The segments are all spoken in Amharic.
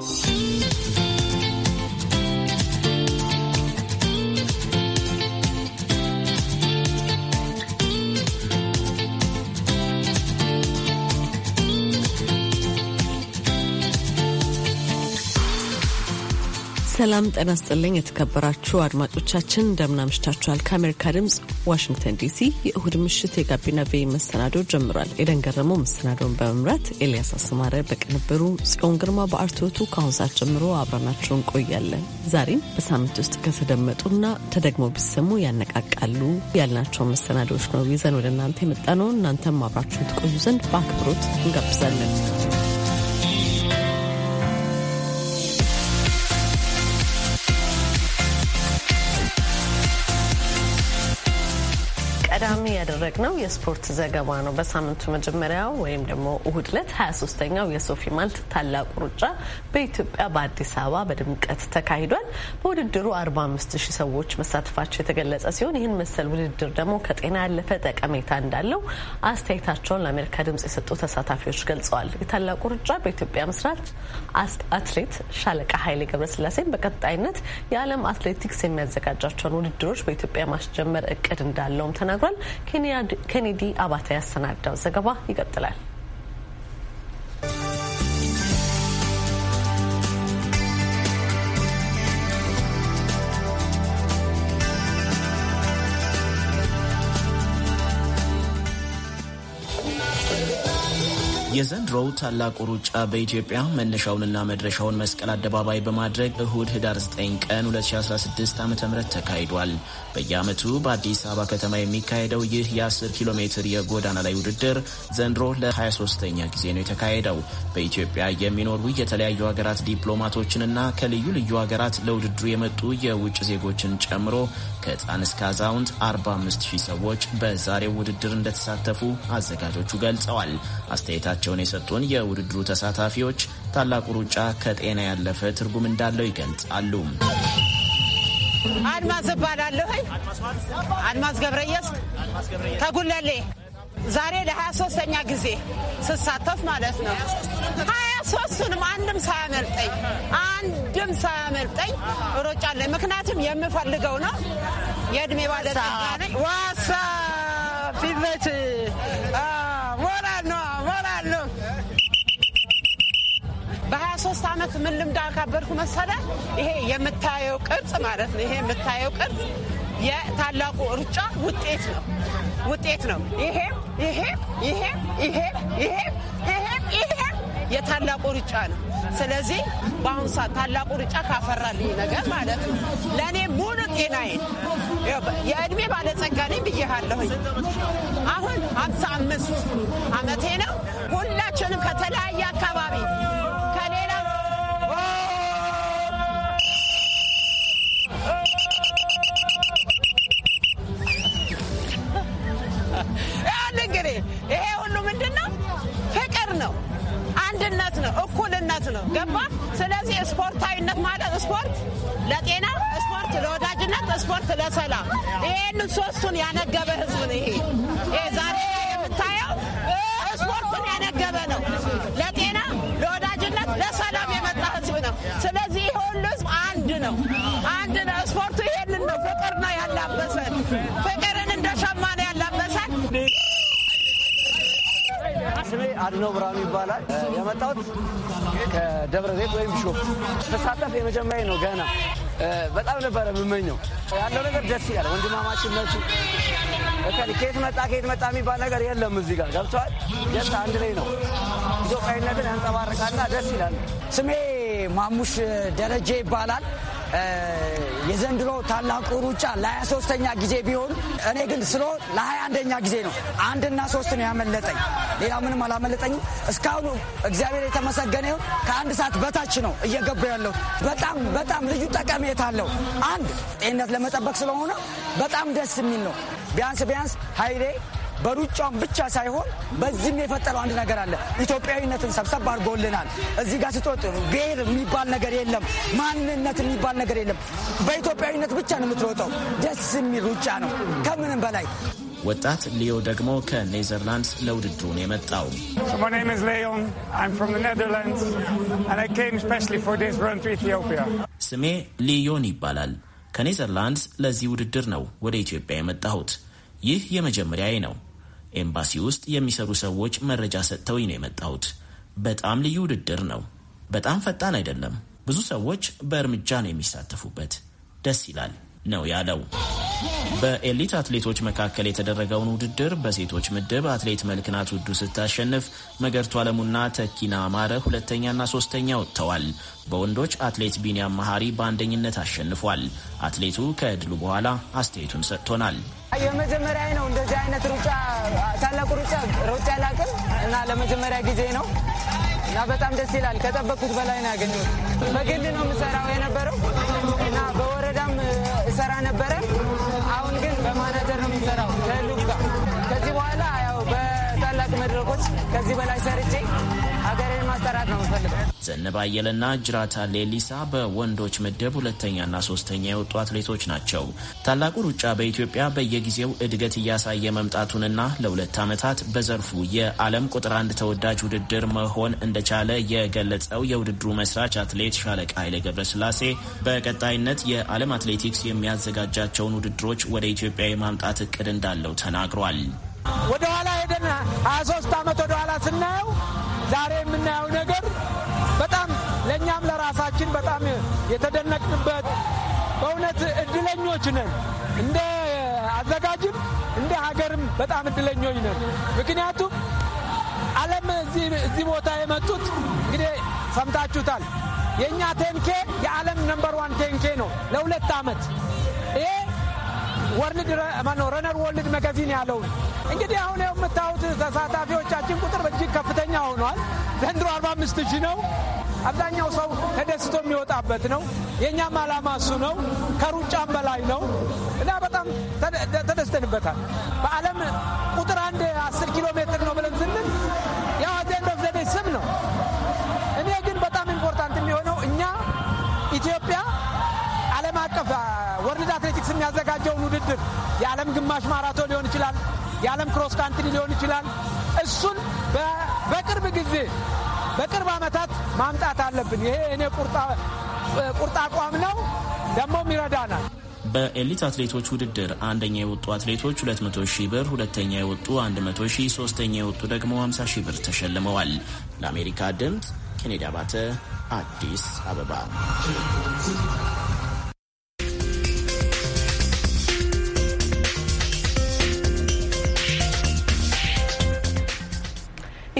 See ሰላም ጤና ስጥልኝ። የተከበራችሁ አድማጮቻችን እንደምን አምሽታችኋል? ከአሜሪካ ድምፅ ዋሽንግተን ዲሲ የእሁድ ምሽት የጋቢና ቬይ መሰናዶ ጀምሯል። ኤደን ገረመው መሰናዶውን በመምራት ኤልያስ አስማረ በቅንብሩ፣ ጽዮን ግርማ በአርትዖቱ ከአሁን ሰዓት ጀምሮ አብረናችሁ እንቆያለን። ዛሬም በሳምንት ውስጥ ከተደመጡና ተደግሞ ቢሰሙ ያነቃቃሉ ያልናቸውን መሰናዶዎች ነው ይዘን ወደ እናንተ የመጣነው። እናንተም አብራችሁን ትቆዩ ዘንድ በአክብሮት እንጋብዛለን። ቀዳሚ ያደረግነው የስፖርት ዘገባ ነው። በሳምንቱ መጀመሪያ ወይም ደግሞ እሁድ ዕለት 23 ኛው የሶፊ ማልት ታላቁ ሩጫ በኢትዮጵያ በአዲስ አበባ በድምቀት ተካሂዷል። በውድድሩ 45 ሺህ ሰዎች መሳተፋቸው የተገለጸ ሲሆን ይህን መሰል ውድድር ደግሞ ከጤና ያለፈ ጠቀሜታ እንዳለው አስተያየታቸውን ለአሜሪካ ድምጽ የሰጡ ተሳታፊዎች ገልጸዋል። የታላቁ ሩጫ በኢትዮጵያ መስራች አትሌት ሻለቃ ኃይሌ ገብረስላሴን በቀጣይነት የዓለም አትሌቲክስ የሚያዘጋጃቸውን ውድድሮች በኢትዮጵያ ማስጀመር እቅድ እንዳለውም ተናግሯል። ኬኔዲ አባተ ያሰናዳው ዘገባ ይቀጥላል። የዘንድሮው ታላቁ ሩጫ በኢትዮጵያ መነሻውንና መድረሻውን መስቀል አደባባይ በማድረግ እሁድ ህዳር 9 ቀን 2016 ዓ ም ተካሂዷል። በየአመቱ በአዲስ አበባ ከተማ የሚካሄደው ይህ የ10 ኪሎ ሜትር የጎዳና ላይ ውድድር ዘንድሮ ለ23ኛ ጊዜ ነው የተካሄደው። በኢትዮጵያ የሚኖሩ የተለያዩ ሀገራት ዲፕሎማቶችንና ከልዩ ልዩ ሀገራት ለውድድሩ የመጡ የውጭ ዜጎችን ጨምሮ ከህፃን እስከ አዛውንት 45000 ሰዎች በዛሬው ውድድር እንደተሳተፉ አዘጋጆቹ ገልጸዋል። አስተያየታቸው አስተያየታቸውን የሰጡን የውድድሩ ተሳታፊዎች ታላቁ ሩጫ ከጤና ያለፈ ትርጉም እንዳለው ይገልጻሉ። አድማስ እባላለሁኝ። አድማስ ገብረየስ ተጉለሌ ዛሬ ለሀያ ሶስተኛ ጊዜ ስሳተፍ ማለት ነው። ሀያ ሶስቱንም አንድም ሳያመልጠኝ አንድም ሳያመልጠኝ ሮጫለኝ። ምክንያቱም የምፈልገው ነው። የእድሜ ባለጠጋ ነኝ። ዋሳ ፊት ሶስት አመት ምን ልምድ አካበድኩ መሰለ። ይሄ የምታየው ቅርጽ ማለት ነው። ይሄ የምታየው ቅርጽ የታላቁ ሩጫ ውጤት ነው ውጤት ነው። ይሄ ይሄ ይሄ ይሄ ይሄ ይሄ የታላቁ ሩጫ ነው። ስለዚህ በአሁኑ ሰዓት ታላቁ ሩጫ ካፈራልኝ ነገር ማለት ነው ለእኔ ሙሉ ጤናዬን የእድሜ ባለጸጋ ነኝ ብያለሁኝ። አሁን ሀምሳ አምስት አመቴ ነው። ሁላችንም ከተለያየ አካባቢ ነው። ገባ። ስለዚህ ስፖርታዊነት ማለት ስፖርት ለጤና፣ ስፖርት ለወዳጅነት፣ ስፖርት ለሰላም፣ ይህን ሶስቱን ያነገበ ህዝብ ነው። ይሄ ዛሬ የምታየው ስፖርቱን ያነገበ ነው። አድነው ብርሃኑ ይባላል። የመጣሁት ከደብረ ዘይት ወይም ሾፕ ተሳተፍ የመጀመሪያ ነው። ገና በጣም ነበረ የምመኘው። ያለው ነገር ደስ ይላል። ወንድማማችነቱ ከየት መጣ ከየት መጣ የሚባል ነገር የለም። እዚህ ጋር ገብተዋል። ደስ አንድ ላይ ነው። ኢትዮጵያዊነትን ያንጸባርቃልና ደስ ይላል። ስሜ ማሙሽ ደረጀ ይባላል። የዘንድሮ ታላቁ ሩጫ ለሀያ ሶስተኛ ጊዜ ቢሆን እኔ ግን ስሎ ለሀያ አንደኛ ጊዜ ነው። አንድና ሶስት ነው ያመለጠኝ፣ ሌላ ምንም አላመለጠኝም። እስካሁኑ እግዚአብሔር የተመሰገነ ይሁን ከአንድ ሰዓት በታች ነው እየገቡ ያለው። በጣም በጣም ልዩ ጠቀሜታ አለው። አንድ ጤንነት ለመጠበቅ ስለሆነ በጣም ደስ የሚል ነው። ቢያንስ ቢያንስ ሀይሌ በሩጫም ብቻ ሳይሆን በዚህም የፈጠረው አንድ ነገር አለ። ኢትዮጵያዊነትን ሰብሰብ አድርጎልናል። እዚህ ጋር ስትወጥ ብሔር የሚባል ነገር የለም። ማንነት የሚባል ነገር የለም። በኢትዮጵያዊነት ብቻ ነው የምትሮጠው። ደስ የሚል ሩጫ ነው ከምንም በላይ። ወጣት ሊዮ ደግሞ ከኔዘርላንድስ ለውድድሩን የመጣው ስሜ ሊዮን ይባላል። ከኔዘርላንድስ ለዚህ ውድድር ነው ወደ ኢትዮጵያ የመጣሁት። ይህ የመጀመሪያዬ ነው። ኤምባሲ ውስጥ የሚሰሩ ሰዎች መረጃ ሰጥተውኝ ነው የመጣሁት። በጣም ልዩ ውድድር ነው። በጣም ፈጣን አይደለም። ብዙ ሰዎች በእርምጃ ነው የሚሳተፉበት። ደስ ይላል ነው ያለው። በኤሊት አትሌቶች መካከል የተደረገውን ውድድር በሴቶች ምድብ አትሌት መልክናት ውዱ ስታሸንፍ መገርቱ አለሙና ተኪና አማረ ሁለተኛና ሶስተኛ ወጥተዋል። በወንዶች አትሌት ቢንያም መሐሪ በአንደኝነት አሸንፏል። አትሌቱ ከድሉ በኋላ አስተያየቱን ሰጥቶናል። የመጀመሪያ ነው እንደዚህ አይነት ሩጫ ታላቁ ሩጫ ሩጫ አላውቅም እና ለመጀመሪያ ጊዜ ነው እና በጣም ደስ ይላል። ከጠበቅኩት በላይ ነው ያገኘሁት። በግል ነው የምሰራው የነበረው እና በወረዳም እሰራ ነበረ። አሁን ግን በማናጀር ነው የምሰራው ከሉክ ጋር። ከዚህ በኋላ ያው በታላቅ መድረኮች ከዚህ በላይ ሰርቼ ሀገሬን ማሰራት ነው የምፈልገው። ዘነባ አየለና ጅራታ ሌሊሳ በወንዶች ምድብ ሁለተኛና ሶስተኛ የወጡ አትሌቶች ናቸው። ታላቁ ሩጫ በኢትዮጵያ በየጊዜው እድገት እያሳየ መምጣቱንና ለሁለት ዓመታት በዘርፉ የዓለም ቁጥር አንድ ተወዳጅ ውድድር መሆን እንደቻለ የገለጸው የውድድሩ መስራች አትሌት ሻለቃ ኃይሌ ገብረስላሴ በቀጣይነት የዓለም አትሌቲክስ የሚያዘጋጃቸውን ውድድሮች ወደ ኢትዮጵያ የማምጣት እቅድ እንዳለው ተናግሯል። ወደኋላ ሄደን 23 ዓመት ወደኋላ ስናየው ዛሬ የምናየው ነገር በጣም ለእኛም ለራሳችን በጣም የተደነቅንበት በእውነት እድለኞች ነን። እንደ አዘጋጅም እንደ ሀገርም በጣም እድለኞች ነን። ምክንያቱም ዓለም እዚህ ቦታ የመጡት እንግዲህ ሰምታችሁታል። የእኛ ቴንኬ የዓለም ነምበር ዋን ቴንኬ ነው ለሁለት ዓመት ይሄ ወርልድ ማነው ረነር ወርልድ መጋዚን ያለውን እንግዲህ አሁን ው የምታዩት ተሳታፊዎቻችን ቁጥር እጅግ ከፍተኛ ሆኗል። ዘንድሮ 45 ሺህ ነው። አብዛኛው ሰው ተደስቶ የሚወጣበት ነው። የእኛም ዓላማ እሱ ነው። ከሩጫም በላይ ነው እና በጣም ተደስተንበታል። በዓለም ቁጥር አንድ 10 ኪሎ ሜትር ነው ብለን ስንል ያው አጀንዳ ዘዴ ስም ነው። እኔ ግን በጣም ኢምፖርታንት የሚሆነው እኛ ኢትዮጵያ አቀፍ ወርልድ አትሌቲክስ የሚያዘጋጀውን ውድድር የዓለም ግማሽ ማራቶን ሊሆን ይችላል፣ የዓለም ክሮስ ካንትሪ ሊሆን ይችላል። እሱን በቅርብ ጊዜ በቅርብ ዓመታት ማምጣት አለብን። ይሄ እኔ ቁርጥ አቋም ነው፣ ደግሞም ይረዳናል። በኤሊት አትሌቶች ውድድር አንደኛ የወጡ አትሌቶች 200 ሺህ ብር፣ ሁለተኛ የወጡ 100 ሺህ፣ ሶስተኛ የወጡ ደግሞ 50 ሺህ ብር ተሸልመዋል። ለአሜሪካ ድምፅ ኬኔዲ አባተ አዲስ አበባ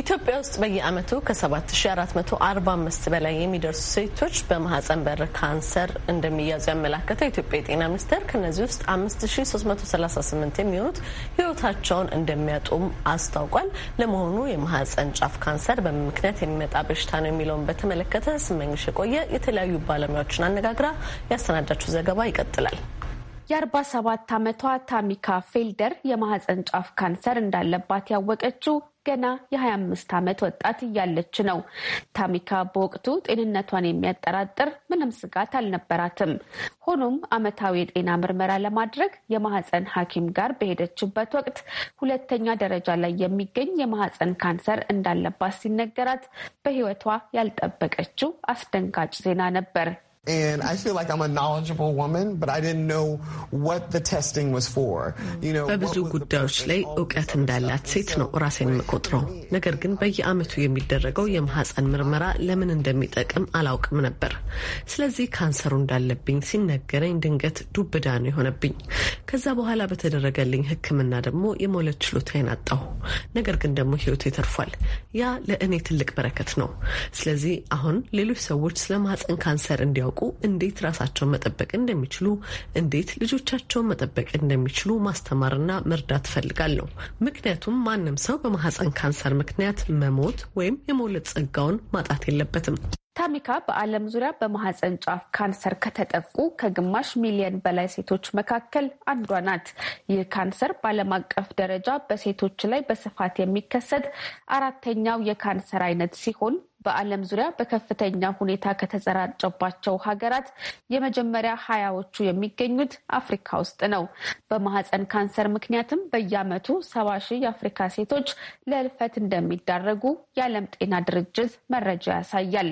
ኢትዮጵያ ውስጥ በየዓመቱ ከ7445 በላይ የሚደርሱ ሴቶች በማህፀን በር ካንሰር እንደሚያዙ ያመላከተው የኢትዮጵያ የጤና ሚኒስቴር ከእነዚህ ውስጥ 5338 የሚሆኑት ህይወታቸውን እንደሚያጡም አስታውቋል። ለመሆኑ የማህፀን ጫፍ ካንሰር በምን ምክንያት የሚመጣ በሽታ ነው የሚለውን በተመለከተ ስመኝሽ የቆየ የተለያዩ ባለሙያዎችን አነጋግራ ያሰናዳችው ዘገባ ይቀጥላል። የ47 ዓመቷ ታሚካ ፌልደር የማህፀን ጫፍ ካንሰር እንዳለባት ያወቀችው ገና የ25 ዓመት ወጣት እያለች ነው። ታሚካ በወቅቱ ጤንነቷን የሚያጠራጥር ምንም ስጋት አልነበራትም። ሆኖም ዓመታዊ የጤና ምርመራ ለማድረግ የማህፀን ሐኪም ጋር በሄደችበት ወቅት ሁለተኛ ደረጃ ላይ የሚገኝ የማህፀን ካንሰር እንዳለባት ሲነገራት በህይወቷ ያልጠበቀችው አስደንጋጭ ዜና ነበር። And I feel like I'm a knowledgeable woman, but I didn't know what the testing was for. You know, በብዙ ጉዳዮች ላይ እውቀት እንዳላት ሴት ነው ራሴን የምቆጥረው። ነገር ግን በየዓመቱ የሚደረገው የማህፀን ምርመራ ለምን እንደሚጠቅም አላውቅም ነበር። ስለዚህ ካንሰሩ እንዳለብኝ ሲነገረኝ ድንገት ዱብዳ ነው የሆነብኝ። ከዛ በኋላ በተደረገልኝ ሕክምና ደግሞ የመውለድ ችሎታዬን አጣሁ። ነገር ግን ደግሞ ህይወቴ ተርፏል። ያ ለእኔ ትልቅ በረከት ነው። ስለዚህ አሁን ሌሎች ሰዎች ስለ ማህፀን ካንሰር እንዲያውቁ ሲያውቁ እንዴት ራሳቸውን መጠበቅ እንደሚችሉ፣ እንዴት ልጆቻቸውን መጠበቅ እንደሚችሉ ማስተማርና መርዳት እፈልጋለሁ። ምክንያቱም ማንም ሰው በማህፀን ካንሰር ምክንያት መሞት ወይም የመውለድ ጸጋውን ማጣት የለበትም። ታሚካ በዓለም ዙሪያ በማህፀን ጫፍ ካንሰር ከተጠቁ ከግማሽ ሚሊዮን በላይ ሴቶች መካከል አንዷ ናት። ይህ ካንሰር በዓለም አቀፍ ደረጃ በሴቶች ላይ በስፋት የሚከሰት አራተኛው የካንሰር አይነት ሲሆን በዓለም ዙሪያ በከፍተኛ ሁኔታ ከተሰራጨባቸው ሀገራት የመጀመሪያ ሀያዎቹ የሚገኙት አፍሪካ ውስጥ ነው። በማህፀን ካንሰር ምክንያትም በየዓመቱ ሰባ ሺህ የአፍሪካ ሴቶች ለልፈት እንደሚዳረጉ የዓለም ጤና ድርጅት መረጃ ያሳያል።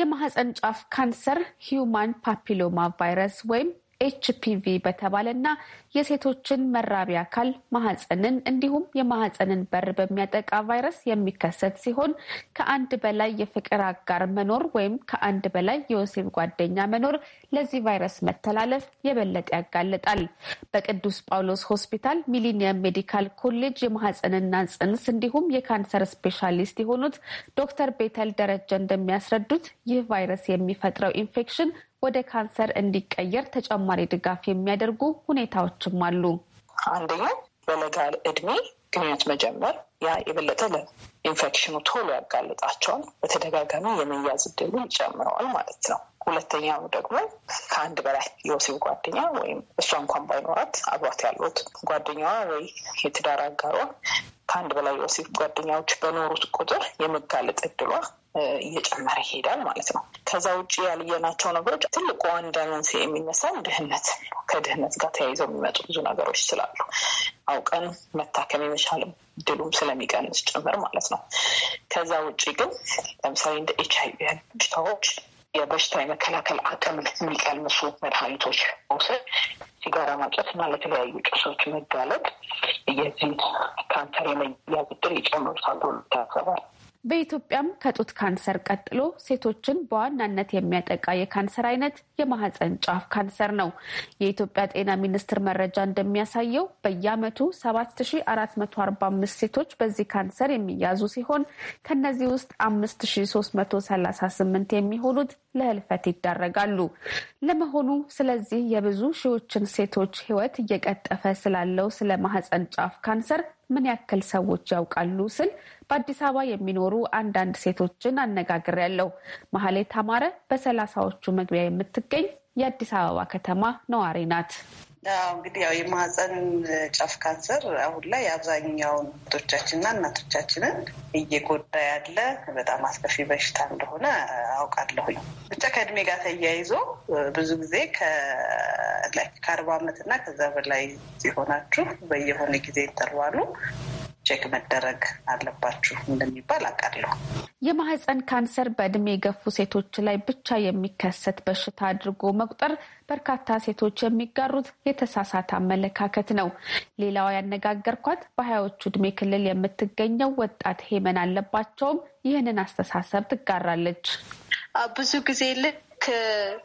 የማህፀን ጫፍ ካንሰር ሂዩማን ፓፒሎማ ቫይረስ ወይም ኤችፒቪ በተባለና የሴቶችን መራቢ አካል ማህፀንን እንዲሁም የማህፀንን በር በሚያጠቃ ቫይረስ የሚከሰት ሲሆን ከአንድ በላይ የፍቅር አጋር መኖር ወይም ከአንድ በላይ የወሲብ ጓደኛ መኖር ለዚህ ቫይረስ መተላለፍ የበለጠ ያጋልጣል። በቅዱስ ጳውሎስ ሆስፒታል ሚሊኒየም ሜዲካል ኮሌጅ የማህፀንና ጽንስ እንዲሁም የካንሰር ስፔሻሊስት የሆኑት ዶክተር ቤተል ደረጀ እንደሚያስረዱት ይህ ቫይረስ የሚፈጥረው ኢንፌክሽን ወደ ካንሰር እንዲቀየር ተጨማሪ ድጋፍ የሚያደርጉ ሁኔታዎችም አሉ። አንደኛው በለጋል እድሜ ግንኙነት መጀመር ያ የበለጠ ለኢንፌክሽኑ ቶሎ ያጋልጣቸዋል። በተደጋጋሚ የመያዝ እድሉ ይጨምረዋል ማለት ነው። ሁለተኛው ደግሞ ከአንድ በላይ የወሲብ ጓደኛ ወይም እሷ እንኳን ባይኖራት አብሯት ያሉት ጓደኛዋ ወይ የትዳር አጋሯ ከአንድ በላይ የወሲብ ጓደኛዎች በኖሩት ቁጥር የመጋለጥ እድሏ እየጨመረ ይሄዳል ማለት ነው። ከዛ ውጭ ያልየናቸው ነገሮች ትልቁ አንድ መንስኤ የሚነሳው ድህነት፣ ከድህነት ጋር ተያይዘው የሚመጡ ብዙ ነገሮች ስላሉ አውቀን መታከም የመቻል ድሉም ስለሚቀንስ ጭምር ማለት ነው። ከዛ ውጭ ግን ለምሳሌ እንደ ኤች አይ ቪ በሽታዎች የበሽታ የመከላከል አቅም የሚቀንሱ መድኃኒቶች መውሰድ፣ ሲጋራ ማጨስ እና ለተለያዩ ጭሶች መጋለጥ የዚህ ካንሰር የመያዝ ዕድል ይጨምሩታል ታሰባል። በኢትዮጵያም ከጡት ካንሰር ቀጥሎ ሴቶችን በዋናነት የሚያጠቃ የካንሰር አይነት የማህፀን ጫፍ ካንሰር ነው። የኢትዮጵያ ጤና ሚኒስቴር መረጃ እንደሚያሳየው በየዓመቱ 7445 ሴቶች በዚህ ካንሰር የሚያዙ ሲሆን ከነዚህ ውስጥ 5338 የሚሆኑት ለህልፈት ይዳረጋሉ። ለመሆኑ ስለዚህ የብዙ ሺዎችን ሴቶች ህይወት እየቀጠፈ ስላለው ስለ ማህፀን ጫፍ ካንሰር ምን ያክል ሰዎች ያውቃሉ ስል በአዲስ አበባ የሚኖሩ አንዳንድ ሴቶችን ያለው። መሀሌ ተማረ በሰላሳዎቹ መግቢያ የምትገኝ የአዲስ አበባ ከተማ ነዋሪ ናት። እንግዲህ ያው የማህፀን ጫፍ ካንሰር አሁን ላይ አብዛኛውን ቶቻችንና እናቶቻችንን እየጎዳ ያለ በጣም አስከፊ በሽታ እንደሆነ አውቃለሁኝ። ብቻ ከእድሜ ጋር ተያይዞ ብዙ ጊዜ ከአርባ ዓመት እና ከዛ በላይ ሲሆናችሁ በየሆነ ጊዜ ይጠርባሉ ቼክ መደረግ አለባችሁ እንደሚባል አውቃለሁ። የማህፀን ካንሰር በእድሜ የገፉ ሴቶች ላይ ብቻ የሚከሰት በሽታ አድርጎ መቁጠር በርካታ ሴቶች የሚጋሩት የተሳሳተ አመለካከት ነው። ሌላዋ ያነጋገርኳት በሀያዎቹ እድሜ ክልል የምትገኘው ወጣት ሄመን አለባቸውም ይህንን አስተሳሰብ ትጋራለች። ብዙ ጊዜ ልክ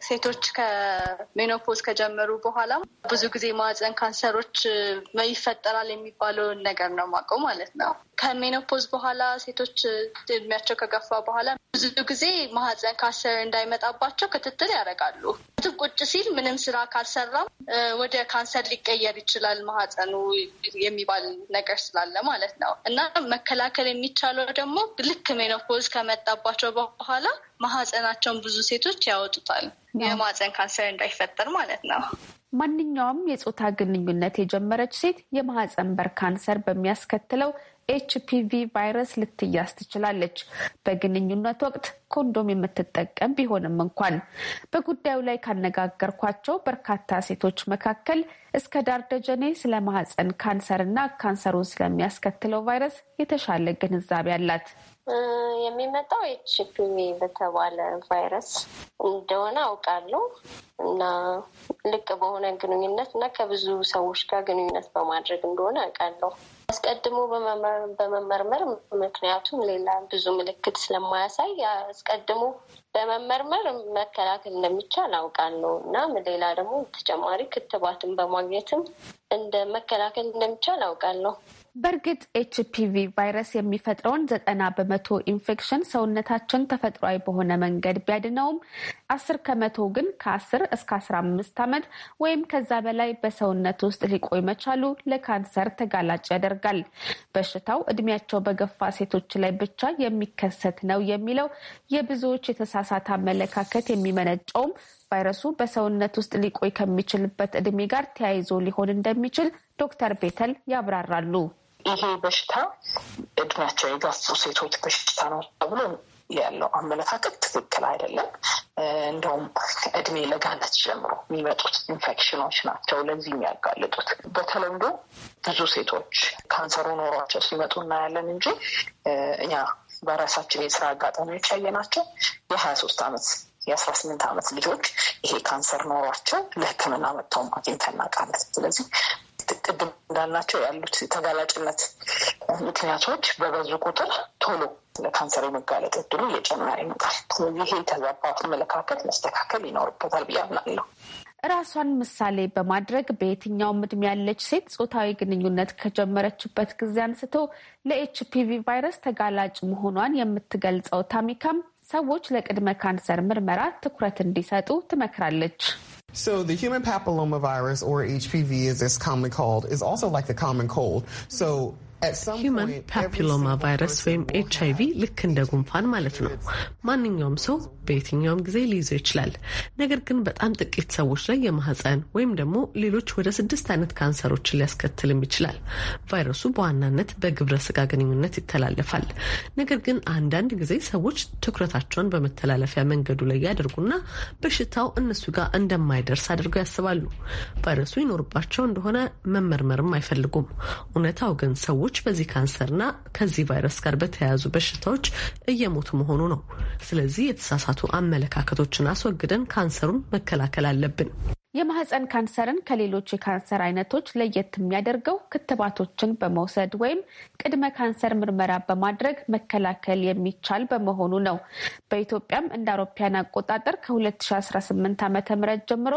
ሴቶች ከሜኖፖዝ ከጀመሩ በኋላ ብዙ ጊዜ ማዕፀን ካንሰሮች ይፈጠራል የሚባለውን ነገር ነው ማውቀው ማለት ነው። ከሜኖፖዝ በኋላ ሴቶች እድሜያቸው ከገፋ በኋላ ብዙ ጊዜ ማህፀን ካንሰር እንዳይመጣባቸው ክትትል ያደርጋሉ። ትብ ቁጭ ሲል ምንም ስራ ካልሰራም ወደ ካንሰር ሊቀየር ይችላል ማህፀኑ የሚባል ነገር ስላለ ማለት ነው እና መከላከል የሚቻለው ደግሞ ልክ ሜኖፖዝ ከመጣባቸው በኋላ ማህፀናቸውን ብዙ ሴቶች ያወጡታል። የማህፀን ካንሰር እንዳይፈጠር ማለት ነው። ማንኛውም የፆታ ግንኙነት የጀመረች ሴት የማህፀን በር ካንሰር በሚያስከትለው ኤችፒቪ ቫይረስ ልትያዝ ትችላለች። በግንኙነት ወቅት ኮንዶም የምትጠቀም ቢሆንም እንኳን በጉዳዩ ላይ ካነጋገርኳቸው በርካታ ሴቶች መካከል እስከ ዳር ደጀኔ ስለ ማህፀን ካንሰርና ካንሰሩን ስለሚያስከትለው ቫይረስ የተሻለ ግንዛቤ አላት። የሚመጣው ኤችፒቪ በተባለ ቫይረስ እንደሆነ አውቃለሁ እና ልቅ በሆነ ግንኙነት እና ከብዙ ሰዎች ጋር ግንኙነት በማድረግ እንደሆነ አውቃለሁ። አስቀድሞ በመመርመር ምክንያቱም ሌላ ብዙ ምልክት ስለማያሳይ አስቀድሞ በመመርመር መከላከል እንደሚቻል አውቃለሁ እና ሌላ ደግሞ ተጨማሪ ክትባትን በማግኘትም እንደ መከላከል እንደሚቻል አውቃለሁ። በእርግጥ ኤችፒቪ ቫይረስ የሚፈጥረውን ዘጠና በመቶ ኢንፌክሽን ሰውነታችን ተፈጥሯዊ በሆነ መንገድ ቢያድነውም አስር ከመቶ ግን ከአስር እስከ አስራ አምስት ዓመት ወይም ከዛ በላይ በሰውነት ውስጥ ሊቆይ መቻሉ ለካንሰር ተጋላጭ ያደርጋል። በሽታው እድሜያቸው በገፋ ሴቶች ላይ ብቻ የሚከሰት ነው የሚለው የብዙዎች የተሳሳተ አመለካከት የሚመነጨውም ቫይረሱ በሰውነት ውስጥ ሊቆይ ከሚችልበት እድሜ ጋር ተያይዞ ሊሆን እንደሚችል ዶክተር ቤተል ያብራራሉ። ይሄ በሽታ እድሜያቸው የገፉ ሴቶች በሽታ ነው ተብሎ ያለው አመለካከት ትክክል አይደለም። እንደውም እድሜ ለጋነት ጀምሮ የሚመጡት ኢንፌክሽኖች ናቸው ለዚህ የሚያጋልጡት። በተለምዶ ብዙ ሴቶች ካንሰሩ ኖሯቸው ሲመጡ እናያለን እንጂ እኛ በራሳችን የስራ አጋጣሚዎች ያየናቸው የሀያ ሶስት አመት የአስራ ስምንት አመት ልጆች ይሄ ካንሰር ኖሯቸው ለሕክምና መጥተው አግኝተን እናውቃለን። ስለዚህ ቅድም እንዳልናቸው ያሉት ተጋላጭነት ምክንያቶች በበዙ ቁጥር ቶሎ ለካንሰር የመጋለጥ እድሉ እየጨመረ ይመጣል። ስለዚህ ይሄ ተዛባ አመለካከት መስተካከል ይኖርበታል ብዬ አምናለሁ። ራሷን ምሳሌ በማድረግ በየትኛውም እድሜ ያለች ሴት ጾታዊ ግንኙነት ከጀመረችበት ጊዜ አንስቶ ለኤችፒቪ ቫይረስ ተጋላጭ መሆኗን የምትገልጸው ታሚካም ሰዎች ለቅድመ ካንሰር ምርመራ ትኩረት እንዲሰጡ ትመክራለች። So the human papillomavirus, or HPV as it's commonly called, is also like the common cold. So ሂውማን ፓፒሎማ ቫይረስ ወይም ኤች አይቪ ልክ እንደ ጉንፋን ማለት ነው። ማንኛውም ሰው በየትኛውም ጊዜ ሊይዘው ይችላል። ነገር ግን በጣም ጥቂት ሰዎች ላይ የማህፀን ወይም ደግሞ ሌሎች ወደ ስድስት አይነት ካንሰሮችን ሊያስከትልም ይችላል። ቫይረሱ በዋናነት በግብረ ስጋ ግንኙነት ይተላለፋል። ነገር ግን አንዳንድ ጊዜ ሰዎች ትኩረታቸውን በመተላለፊያ መንገዱ ላይ ያደርጉና በሽታው እነሱ ጋር እንደማይደርስ አድርገው ያስባሉ። ቫይረሱ ይኖርባቸው እንደሆነ መመርመርም አይፈልጉም። እውነታው ግን ሰዎች ሰዎች በዚህ ካንሰርና ከዚህ ቫይረስ ጋር በተያያዙ በሽታዎች እየሞቱ መሆኑ ነው። ስለዚህ የተሳሳቱ አመለካከቶችን አስወግደን ካንሰሩን መከላከል አለብን። የማህፀን ካንሰርን ከሌሎች የካንሰር አይነቶች ለየት የሚያደርገው ክትባቶችን በመውሰድ ወይም ቅድመ ካንሰር ምርመራ በማድረግ መከላከል የሚቻል በመሆኑ ነው። በኢትዮጵያም እንደ አውሮፓያን አቆጣጠር ከ2018 ም ጀምሮ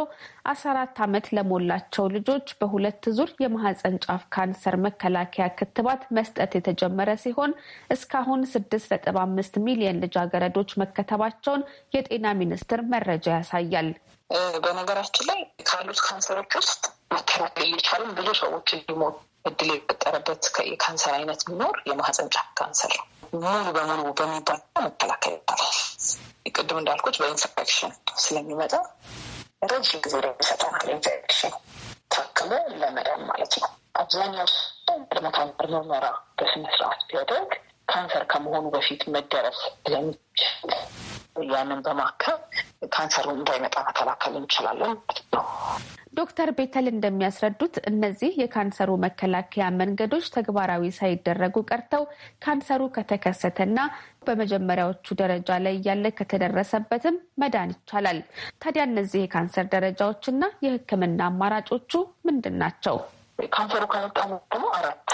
14 ዓመት ለሞላቸው ልጆች በሁለት ዙር የማህፀን ጫፍ ካንሰር መከላከያ ክትባት መስጠት የተጀመረ ሲሆን እስካሁን 6.5 ሚሊዮን ልጃገረዶች መከተባቸውን የጤና ሚኒስቴር መረጃ ያሳያል። በነገራችን ላይ ካሉት ካንሰሮች ውስጥ መከላከል እየቻሉም ብዙ ሰዎች እንዲሞቱ እድል የፈጠረበት የካንሰር አይነት ቢኖር የማህፀን ጫፍ ካንሰር ሙሉ በሙሉ በሚባል መከላከል ይባላል። ቅድም እንዳልኩት በኢንፌክሽን ስለሚመጣ ረጅም ጊዜ ይሰጠናል። ኢንፌክሽን ታክሞ ለመዳን ማለት ነው። አብዛኛው ቅድመ ካንሰር ምርመራ በስነስርዓት ቢያደርግ ካንሰር ከመሆኑ በፊት መደረስ ስለሚችል ያንን በማከብ ካንሰሩ እንዳይመጣ መከላከል እንችላለን ነው። ዶክተር ቤተል እንደሚያስረዱት እነዚህ የካንሰሩ መከላከያ መንገዶች ተግባራዊ ሳይደረጉ ቀርተው ካንሰሩ ከተከሰተና በመጀመሪያዎቹ ደረጃ ላይ እያለ ከተደረሰበትም መዳን ይቻላል። ታዲያ እነዚህ የካንሰር ደረጃዎችና የሕክምና አማራጮቹ ምንድን ናቸው? ካንሰሩ ከመጣ ደግሞ አራት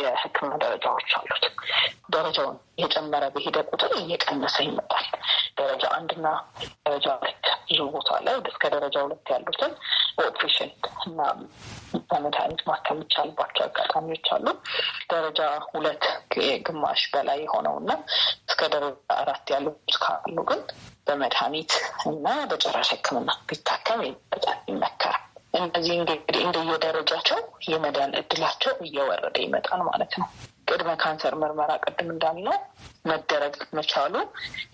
የሕክምና ደረጃዎች አሉት። ደረጃውን የጨመረ በሄደ ቁጥር እየቀነሰ ይመጣል። ደረጃ አንድና ደረጃ ሁለት ብዙ ቦታ ላይ እስከ ደረጃ ሁለት ያሉትን ኦፕሬሽን እና በመድኃኒት ማከም ይቻልባቸው አጋጣሚዎች አሉ። ደረጃ ሁለት ግማሽ በላይ የሆነው እና እስከ ደረጃ አራት ያሉት ካሉ ግን በመድኃኒት እና በጨራሽ ሕክምና ቢታከም ይመከራል። እነዚህ እንግዲህ እንደየደረጃቸው የመዳን እድላቸው እየወረደ ይመጣል ማለት ነው። ቅድመ ካንሰር ምርመራ ቅድም እንዳልነው መደረግ መቻሉ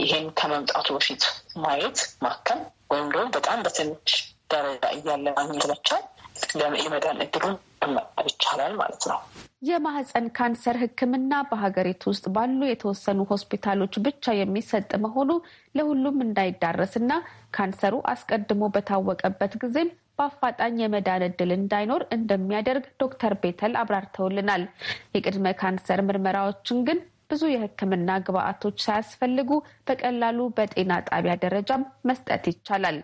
ይሄን ከመምጣቱ በፊት ማየት ማከም ወይም ደግሞ በጣም በትንሽ ደረጃ እያለ ማግኘት መቻል የመዳን እድሉን ይቻላል ማለት ነው። የማህፀን ካንሰር ሕክምና በሀገሪቱ ውስጥ ባሉ የተወሰኑ ሆስፒታሎች ብቻ የሚሰጥ መሆኑ ለሁሉም እንዳይዳረስና ካንሰሩ አስቀድሞ በታወቀበት ጊዜም በአፋጣኝ የመዳን እድል እንዳይኖር እንደሚያደርግ ዶክተር ቤተል አብራርተውልናል። የቅድመ ካንሰር ምርመራዎችን ግን ብዙ የሕክምና ግብአቶች ሳያስፈልጉ በቀላሉ በጤና ጣቢያ ደረጃም መስጠት ይቻላል።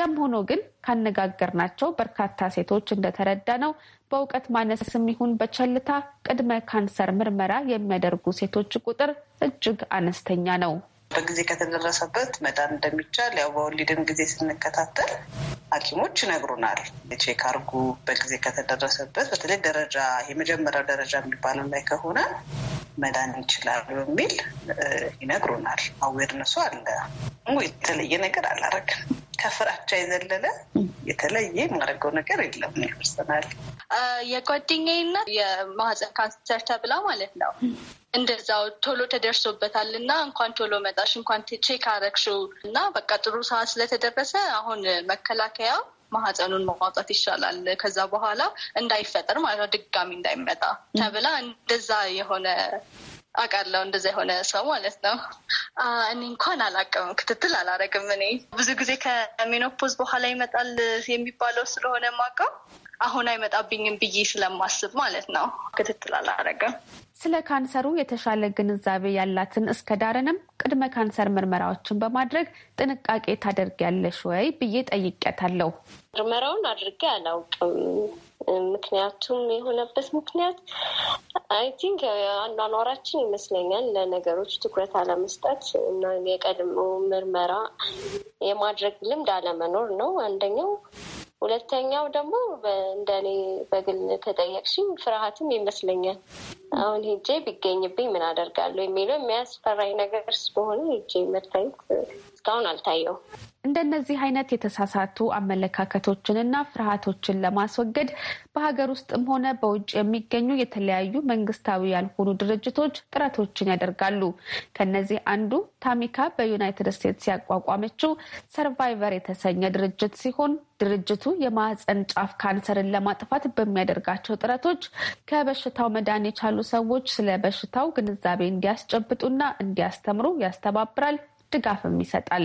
ያም ሆኖ ግን ካነጋገርናቸው በርካታ ሴቶች እንደተረዳ ነው በእውቀት ማነስም ይሁን በቸልታ ቅድመ ካንሰር ምርመራ የሚያደርጉ ሴቶች ቁጥር እጅግ አነስተኛ ነው። በጊዜ ከተደረሰበት መዳን እንደሚቻል ያው በወሊድም ጊዜ ስንከታተል ሐኪሞች ይነግሩናል። ቼክ አርጉ በጊዜ ከተደረሰበት በተለይ ደረጃ የመጀመሪያው ደረጃ የሚባለው ላይ ከሆነ መዳን ይችላሉ የሚል ይነግሩናል። አዌርነሱ አለ። የተለየ ነገር አላረግም። ከፍራቻ የዘለለ የተለየ የማደርገው ነገር የለም። ይመስናል የጓደኛዬ እናት የማህፀን ካንሰር ተብላ ማለት ነው እንደዛው ቶሎ ተደርሶበታል እና እንኳን ቶሎ መጣሽ እንኳን ቼክ አረግሽው እና በቃ ጥሩ ሰዓት ስለተደረሰ አሁን መከላከያው ማህፀኑን ማውጣት ይሻላል ከዛ በኋላ እንዳይፈጠር ማለት ነው ድጋሚ እንዳይመጣ ተብላ እንደዛ የሆነ አውቃለሁ እንደዛ የሆነ ሰው ማለት ነው። እኔ እንኳን አላውቅም፣ ክትትል አላረግም። እኔ ብዙ ጊዜ ከሜኖፖዝ በኋላ ይመጣል የሚባለው ስለሆነ ማቀው አሁን አይመጣብኝም ብዬ ስለማስብ ማለት ነው ክትትል አላረግም። ስለ ካንሰሩ የተሻለ ግንዛቤ ያላትን እስከ ዳርንም ቅድመ ካንሰር ምርመራዎችን በማድረግ ጥንቃቄ ታደርጊያለሽ ወይ ብዬ ጠይቄያታለሁ። ምርመራውን አድርጌ አላውቅም። ምክንያቱም የሆነበት ምክንያት አይ ቲንክ አኗኗራችን ይመስለኛል ለነገሮች ትኩረት አለመስጠት እና የቀድሞ ምርመራ የማድረግ ልምድ አለመኖር ነው አንደኛው። ሁለተኛው ደግሞ እንደኔ በግል ከጠየቅሽኝ ፍርሃትም ይመስለኛል። አሁን አሁን ሄጄ ቢገኝብኝ ምን አደርጋለሁ የሚለው የሚያስፈራኝ ነገር ስለሆነ ሄጄ መታየት እስካሁን አልታየው። እንደነዚህ አይነት የተሳሳቱ አመለካከቶችንና ፍርሃቶችን ለማስወገድ በሀገር ውስጥም ሆነ በውጭ የሚገኙ የተለያዩ መንግስታዊ ያልሆኑ ድርጅቶች ጥረቶችን ያደርጋሉ። ከነዚህ አንዱ ታሚካ በዩናይትድ ስቴትስ ያቋቋመችው ሰርቫይቨር የተሰኘ ድርጅት ሲሆን ድርጅቱ የማህፀን ጫፍ ካንሰርን ለማጥፋት በሚያደርጋቸው ጥረቶች ከበሽታው መዳን የቻሉ ሰዎች ስለ በሽታው ግንዛቤ እንዲያስጨብጡና እንዲያስተምሩ ያስተባብራል ድጋፍም ይሰጣል።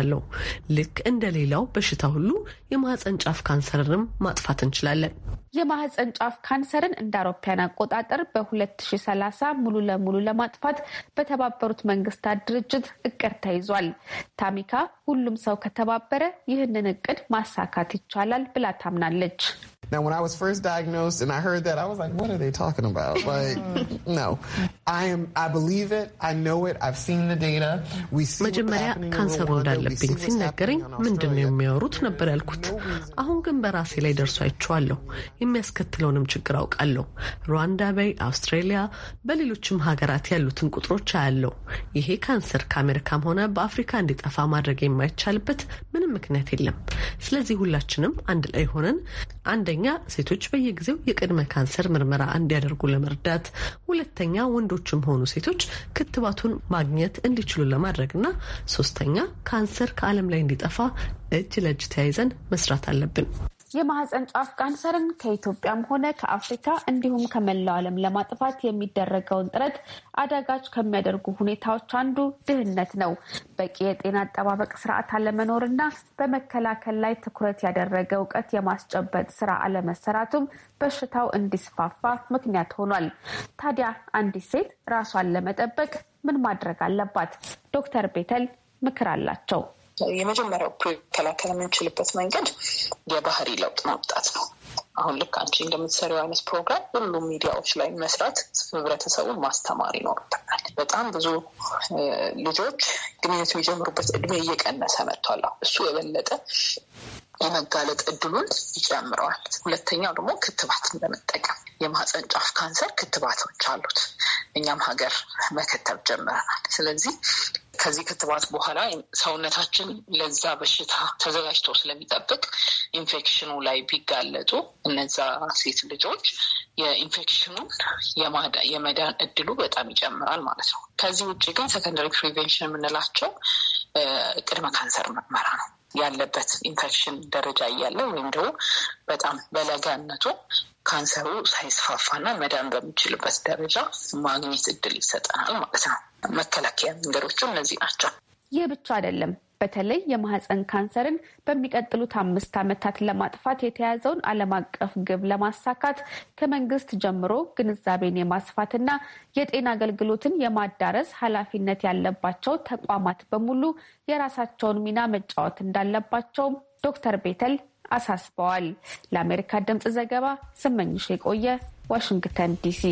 አለው። ልክ እንደ ሌላው በሽታ ሁሉ የማህፀን ጫፍ ካንሰርንም ማጥፋት እንችላለን። የማህፀን ጫፍ ካንሰርን እንደ አውሮፓያን አቆጣጠር በ2030 ሙሉ ለሙሉ ለማጥፋት በተባበሩት መንግስታት ድርጅት እቅድ ተይዟል። ታሚካ ሁሉም ሰው ከተባበረ ይህንን እቅድ ማሳካት ይቻላል ብላ ታምናለች። መጀመሪያ ካንሰሩ እንዳለ እንዳለብኝ ሲነገረኝ ምንድን ነው የሚያወሩት ነበር ያልኩት። አሁን ግን በራሴ ላይ ደርሶ አይቼዋለሁ። የሚያስከትለውንም ችግር አውቃለሁ። ሩዋንዳ በይ አውስትሬሊያ፣ በሌሎችም ሀገራት ያሉትን ቁጥሮች አያለሁ። ይሄ ካንሰር ከአሜሪካም ሆነ በአፍሪካ እንዲጠፋ ማድረግ የማይቻልበት ምንም ምክንያት የለም። ስለዚህ ሁላችንም አንድ ላይ ሆነን አንደኛ ሴቶች በየጊዜው የቅድመ ካንሰር ምርመራ እንዲያደርጉ ለመርዳት፣ ሁለተኛ ወንዶችም ሆኑ ሴቶች ክትባቱን ማግኘት እንዲችሉ ለማድረግ ና ሶስተኛ ካንሰር ካንሰር ከዓለም ላይ እንዲጠፋ እጅ ለእጅ ተያይዘን መስራት አለብን። የማህፀን ጫፍ ካንሰርን ከኢትዮጵያም ሆነ ከአፍሪካ እንዲሁም ከመላው ዓለም ለማጥፋት የሚደረገውን ጥረት አዳጋች ከሚያደርጉ ሁኔታዎች አንዱ ድህነት ነው። በቂ የጤና አጠባበቅ ስርዓት አለመኖርና በመከላከል ላይ ትኩረት ያደረገ እውቀት የማስጨበጥ ስራ አለመሰራቱም በሽታው እንዲስፋፋ ምክንያት ሆኗል። ታዲያ አንዲት ሴት ራሷን ለመጠበቅ ምን ማድረግ አለባት? ዶክተር ቤተል ምክር አላቸው። የመጀመሪያው መከላከል የምንችልበት መንገድ የባህሪ ለውጥ ማምጣት ነው። አሁን ልክ አንቺ እንደምትሰሪው አይነት ፕሮግራም ሁሉም ሚዲያዎች ላይ መስራት ህብረተሰቡን ማስተማር ይኖርበታል። በጣም ብዙ ልጆች ግንኙነት የሚጀምሩበት እድሜ እየቀነሰ መጥቷል። እሱ የበለጠ የመጋለጥ እድሉን ይጨምረዋል። ሁለተኛው ደግሞ ክትባትን በመጠቀም የማህፀን ጫፍ ካንሰር ክትባቶች አሉት። እኛም ሀገር መከተብ ጀምረናል። ስለዚህ ከዚህ ክትባት በኋላ ሰውነታችን ለዛ በሽታ ተዘጋጅቶ ስለሚጠብቅ ኢንፌክሽኑ ላይ ቢጋለጡ እነዛ ሴት ልጆች የኢንፌክሽኑን የመዳን እድሉ በጣም ይጨምራል ማለት ነው። ከዚህ ውጭ ግን ሰከንደሪ ፕሪቬንሽን የምንላቸው ቅድመ ካንሰር ምርመራ ነው ያለበት ኢንፌክሽን ደረጃ እያለ ወይም ደግሞ በጣም በለጋነቱ ካንሰሩ ሳይስፋፋና መዳን በሚችልበት ደረጃ ማግኘት እድል ይሰጠናል ማለት ነው። መከላከያ መንገዶቹ እነዚህ ናቸው። ይህ ብቻ አይደለም። በተለይ የማህፀን ካንሰርን በሚቀጥሉት አምስት ዓመታት ለማጥፋት የተያዘውን ዓለም አቀፍ ግብ ለማሳካት ከመንግስት ጀምሮ ግንዛቤን የማስፋትና የጤና አገልግሎትን የማዳረስ ኃላፊነት ያለባቸው ተቋማት በሙሉ የራሳቸውን ሚና መጫወት እንዳለባቸውም ዶክተር ቤተል አሳስበዋል። ለአሜሪካ ድምፅ ዘገባ ስመኝሽ የቆየ ዋሽንግተን ዲሲ።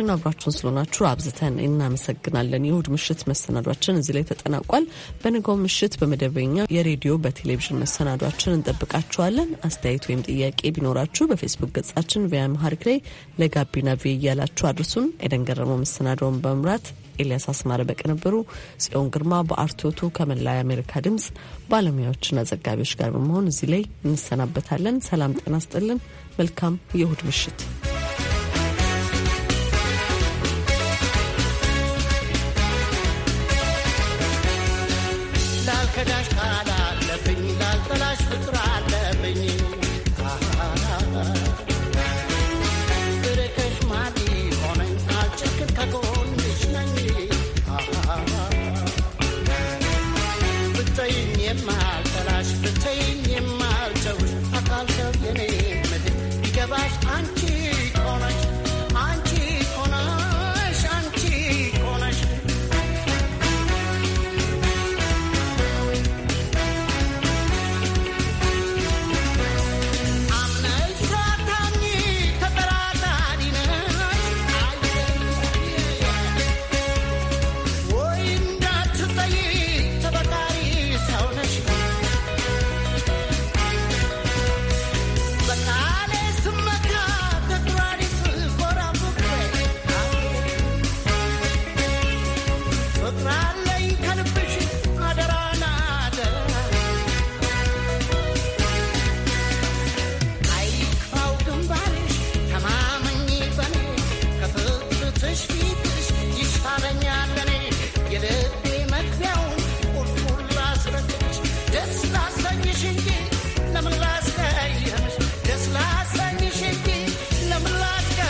አድማጮቻችን አብራችሁን ስለሆናችሁ አብዝተን እናመሰግናለን። የእሁድ ምሽት መሰናዷችን እዚህ ላይ ተጠናቋል። በንጋው ምሽት በመደበኛ የሬዲዮ በቴሌቪዥን መሰናዷችን እንጠብቃችኋለን። አስተያየት ወይም ጥያቄ ቢኖራችሁ በፌስቡክ ገጻችን ቪያ መሀሪክ ላይ ለጋቢና ቪ እያላችሁ አድርሱን። ኤደን ገረመው መሰናዷውን በመምራት ኤልያስ አስማረ በቅንብሩ፣ ጽዮን ግርማ በአርቶቱ ከመላ የአሜሪካ ድምፅ ባለሙያዎችና ዘጋቢዎች ጋር በመሆን እዚህ ላይ እንሰናበታለን። ሰላም ጤና ስጥልን። መልካም የእሁድ ምሽት